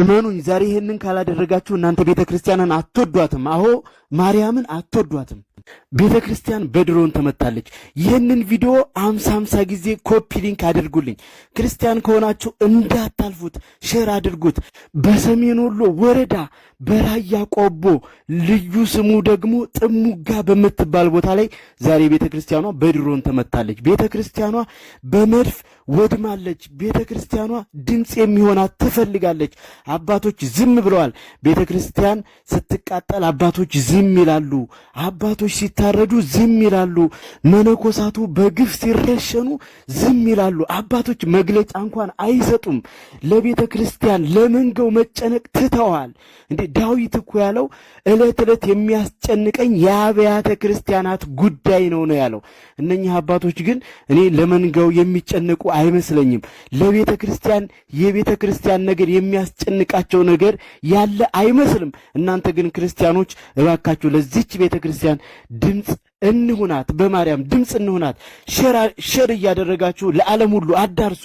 እመኑኝ፣ ዛሬ ይህንን ካላደረጋችሁ እናንተ ቤተ ክርስቲያንን አትወዷትም። አዎ ማርያምን አትወዷትም። ቤተ ክርስቲያን በድሮን ተመታለች። ይህንን ቪዲዮ አምሳ አምሳ ጊዜ ኮፒ ሊንክ አድርጉልኝ። ክርስቲያን ከሆናችሁ እንዳታልፉት ሼር አድርጉት። በሰሜን ወሎ ወረዳ በራያ ቆቦ ልዩ ስሙ ደግሞ ጥሙጋ በምትባል ቦታ ላይ ዛሬ ቤተ ክርስቲያኗ በድሮን ተመታለች። ቤተ ክርስቲያኗ በመድፍ ወድማለች። ቤተ ክርስቲያኗ ድምፅ የሚሆናት ትፈልጋለች። አባቶች ዝም ብለዋል። ቤተ ክርስቲያን ስትቃጠል አባቶች ዝም ይላሉ። አባቶች ሰዎች ሲታረዱ ዝም ይላሉ። መነኮሳቱ በግፍ ሲረሸኑ ዝም ይላሉ። አባቶች መግለጫ እንኳን አይሰጡም። ለቤተ ክርስቲያን ለመንገው መጨነቅ ትተዋል። እንዴ ዳዊት እኮ ያለው ዕለት ዕለት የሚያስጨንቀኝ የአብያተ ክርስቲያናት ጉዳይ ነው ነው ያለው። እነኚህ አባቶች ግን እኔ ለመንገው የሚጨነቁ አይመስለኝም። ለቤተ ክርስቲያን የቤተ ክርስቲያን ነገር የሚያስጨንቃቸው ነገር ያለ አይመስልም። እናንተ ግን ክርስቲያኖች እባካችሁ ለዚች ቤተ ክርስቲያን ድምፅ እንሁናት፣ በማርያም ድምፅ እንሁናት። ሼር እያደረጋችሁ ለዓለም ሁሉ አዳርሱ።